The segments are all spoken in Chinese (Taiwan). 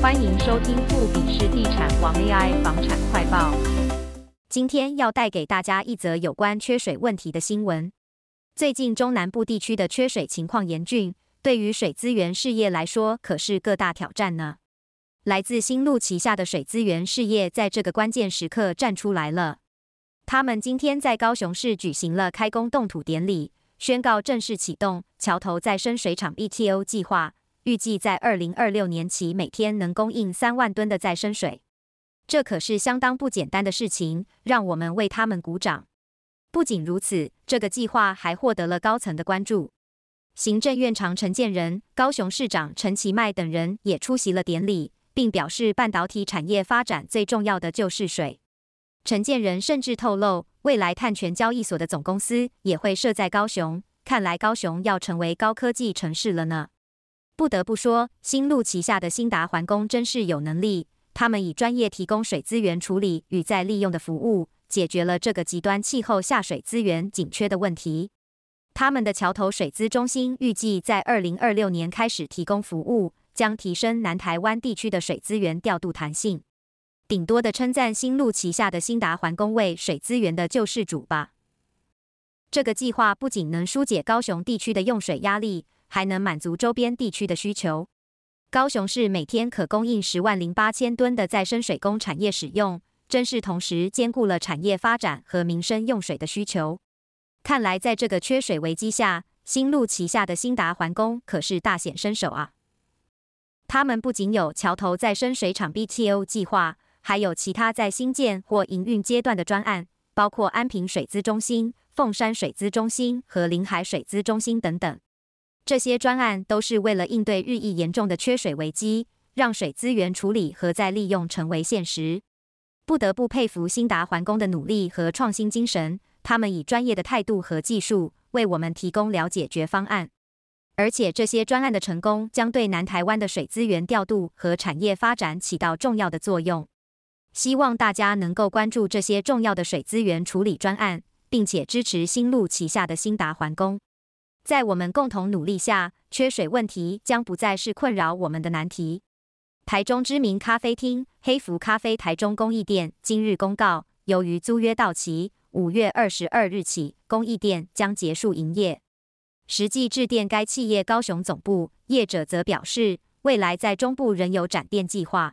歡迎收聽富比士地產王 AI 房產快報。今天要帶給大家一則有關缺水問題的新聞。最近中南部地區的缺水情況嚴峻，對於水資源事業來說可是個大挑戰呢。來自欣陸旗下的水資源事業在這個關鍵時刻站出來了。他們今天在高雄市舉行了開工動土典禮，宣告正式啟動橋頭再生水廠 BTO 計劃。預計在二零二六年起，每天能供應三萬噸的再生水，這可是相當不簡單的事情，讓我們為他們鼓掌。不僅如此，這個計劃還獲得了高層的關注，行政院長陳建仁、高雄市長陳其邁等人也出席了典禮，並表示半導體產業發展最重要的就是水。陳建仁甚至透露，未來碳權交易所的總公司也會設在高雄，看來高雄要成為高科技城市了呢。不得不說，欣陸旗下的欣達環工真是有能力。他們以專業提供水資源處理與再利用的服務，解決了這個極端氣候下水資源緊缺的問題。他們的橋頭水資中心預計在2026年開始提供服務，將提升南台灣地區的水資源調度彈性。頂多的稱讚欣陸旗下的欣達環工為水資源的救世主吧。這個計劃不僅能疏解高雄地區的用水壓力。還能滿足周邊地區的需求。高雄市每天可供應十萬零八千噸的再生水供產業使用，真是同時兼顧了產業發展和民生用水的需求。看來，在這個缺水危機下，欣陸旗下的欣達環工可是大顯身手啊！他們不僅有橋頭再生水廠 BTO 計劃，還有其他在興建或營運階段的專案，包括安平水資中心、鳳山水資中心和臨海水資中心等等。這些專案都是為了應對日益嚴重的缺水危機，讓水資源處理和再利用成為現實。不得不佩服欣達環工的努力和創新精神，他們以專業的態度和技術為我們提供了解決方案。而且，這些專案的成功將對南台灣的水資源調度和產業發展起到重要的作用。希望大家能夠關注這些重要的水資源處理專案，並且支持欣陸旗下的欣達環工。在我們共同努力下，缺水問題將不再是困擾我們的難題。台中知名咖啡廳黑浮咖啡台中公益店今日公告，由於租約到期，五月二十二日起，公益店將結束營業。實際致電該企業高雄總部，業者則表示，未來在中部仍有展店計劃。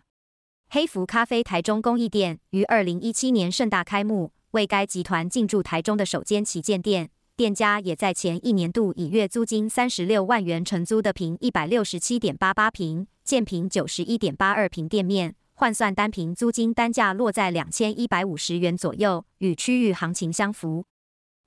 黑浮咖啡台中公益店於二零一七年盛大開幕，為該集團進駐台中的首間旗艦店。店家也在前一年度以月租金三十六萬元承租的坪一百六十七點八八坪建坪九十一點八二坪店面，換算單坪租金單價落在兩千一百五十元左右，與區域行情相符。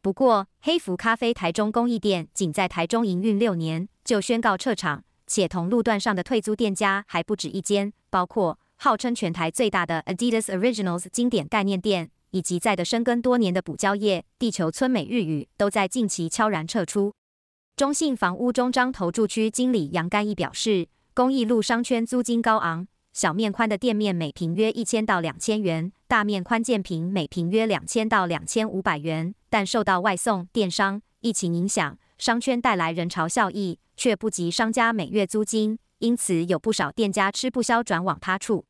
不過，黑福咖啡台中公益店僅在台中營運六年就宣告撤場，且同路段上的退租店家還不止一間，包括號稱全台最大的 Adidas Originals 經典概念店。以及在的深耕多年的補教業，地球村美日語都在近期悄然撤出。中信房屋中彰投注區經理楊干義表示，公益路商圈租金高昂，小面寬的店面每坪約一千到兩千元，大面寬建坪每坪約兩千到兩千五百元。但受到外送電商疫情影響，商圈帶來人潮效益卻不及商家每月租金，因此有不少店家吃不消，轉往他處。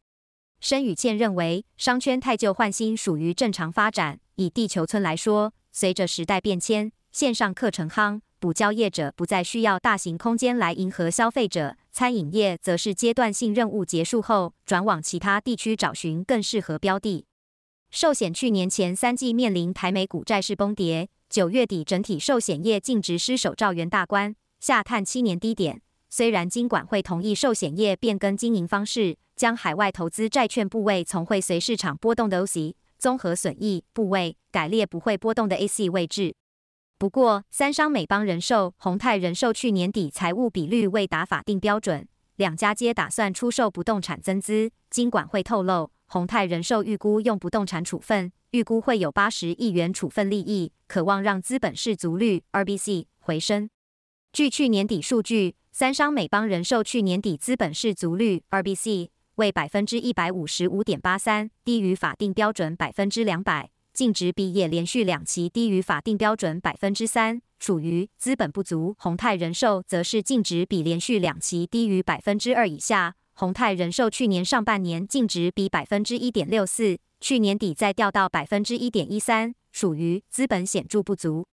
申宇倩認為，商圈汰舊換新屬於正常發展。以地球村來說，隨着時代變遷，線上課程夯，補教業者不再需要大型空間來迎合消費者；餐飲業則是階段性任務結束後，轉往其他地區找尋更適合標的。壽險去年前三季面臨台美股債市崩跌，九月底整體壽險業淨值失守兆元大關，下探七年低點。雖然金管會同意壽險業變更經營方式，將海外投資債券部位從會隨市場波動的 OC 綜合損益部位改列不會波動的 AC 位置，不過三商美邦人壽、宏泰人壽去年底財務比率未達法定標準，兩家皆打算出售不動產增資。金管會透露，宏泰人壽預估用不動產處分，預估會有八十億元處分利益，可望讓資本適足率 RBC 回升。據去年底數據。三商美邦人壽去年底資本適足率 （RBC） 為百分之一百五十五點八三，低於法定標準百分之兩百，淨值比也連續兩期低於法定標準百分之三，屬於資本不足。宏泰人壽則是淨值比連續兩期低於百分之二以下，宏泰人壽去年上半年淨值比百分之一點六四，去年底再掉到百分之一點一三，屬於資本顯著不足。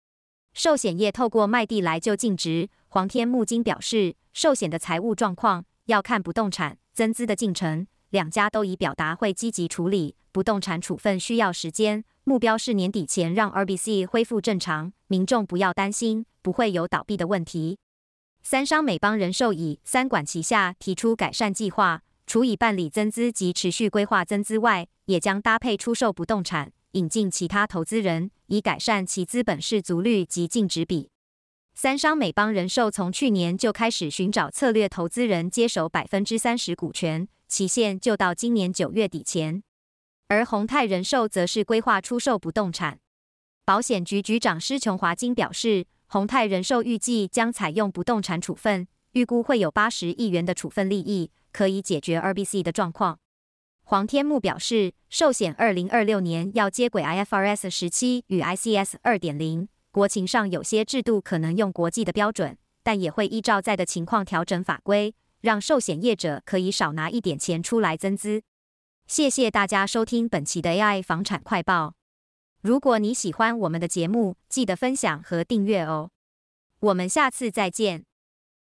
壽險業透過賣地來救淨值。黃天牧今表示，壽險的財務狀況要看不動產增資的進程，兩家都已表達會積極處理不動產處分，需要時間，目標是年底前讓 RBC 恢復正常，民眾不要擔心，不會有倒閉的問題。三商美邦人壽以三管齊下，提出改善計劃，除已辦理增資及持續規劃增資外，也將搭配出售不動產、引進其他投資人，以改善其資本適足率及淨值比。三商美邦人壽從去年就開始尋找策略投資人接手百分之三十股權，期限就到今年九月底前。而宏泰人壽則是規劃出售不動產。保險局局長施瓊華今表示，宏泰人壽預計將採用不動產處分，預估會有八十億元的處分利益，可以解決 RBC 的狀況。黃天牧表示，壽險二零二六年要接軌 IFRS 十七與 ICS 二點零。國情上有些制度可能用國際的標準，但也會依照在的情況調整法規，讓壽險業者可以少拿一點錢出來增資。謝謝大家收聽本期的 AI 房產快報。如果你喜歡我們的節目，記得分享和訂閱哦。我們下次再見。